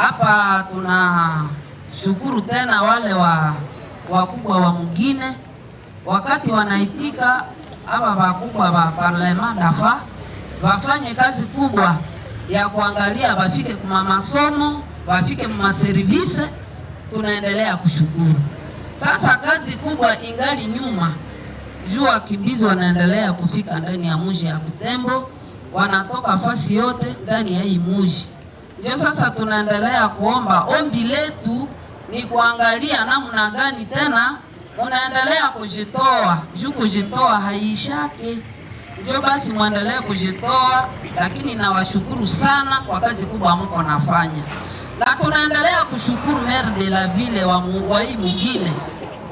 Hapa tunashukuru tena wale wa wakubwa wa mwingine wakati wanaitika hapa, wakubwa wa parlema dafa wafanye kazi kubwa ya kuangalia wafike kuma masomo wafike muma service. Tunaendelea kushukuru. Sasa kazi kubwa ingali nyuma juu wakimbizi wanaendelea kufika ndani ya muji ya Butembo, wanatoka fasi yote ndani ya hii muji. Ndio sasa tunaendelea kuomba. Ombi letu ni kuangalia namna gani tena munaendelea kujitoa, juu kujitoa haiishake. Ndio basi mwendelee kujitoa, lakini nawashukuru sana kwa kazi kubwa mko nafanya, na tunaendelea kushukuru maire de la ville wa hii mwingine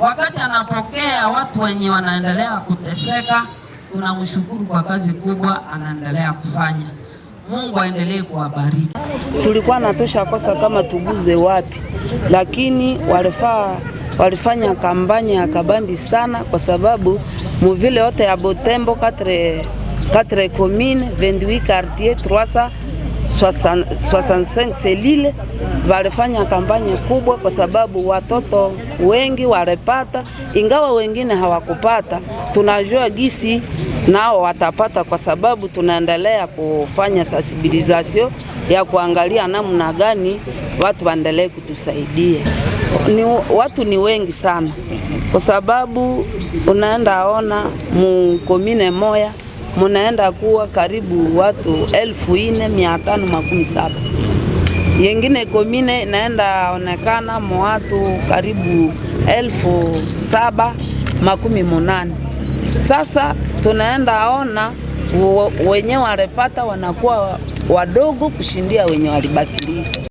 wakati anapokea watu wenye wanaendelea kuteseka, tunamshukuru kwa kazi kubwa anaendelea kufanya. Mungu aendelee kuwabariki. Tulikuwa natosha kosa kama tuguze wapi, lakini walifaa walifanya kampanya ya kabambi sana, kwa sababu muvile yote ya Botembo 4 commune 28 quartier 300 65 selile walifanya kampanye kubwa, kwa sababu watoto wengi walipata, ingawa wengine hawakupata. Tunajua gisi nao watapata, kwa sababu tunaendelea kufanya sensibilisation ya kuangalia namna gani watu waendelee kutusaidia. Ni, watu ni wengi sana, kwa sababu unaenda ona mu komine moya munaenda kuwa karibu watu elfu ine mia tano makumi saba yengine komine naenda onekana mwatu karibu elfu saba makumi munane. Sasa tunaenda ona wenye walipata wanakuwa wadogo kushindia wenye walibakilia.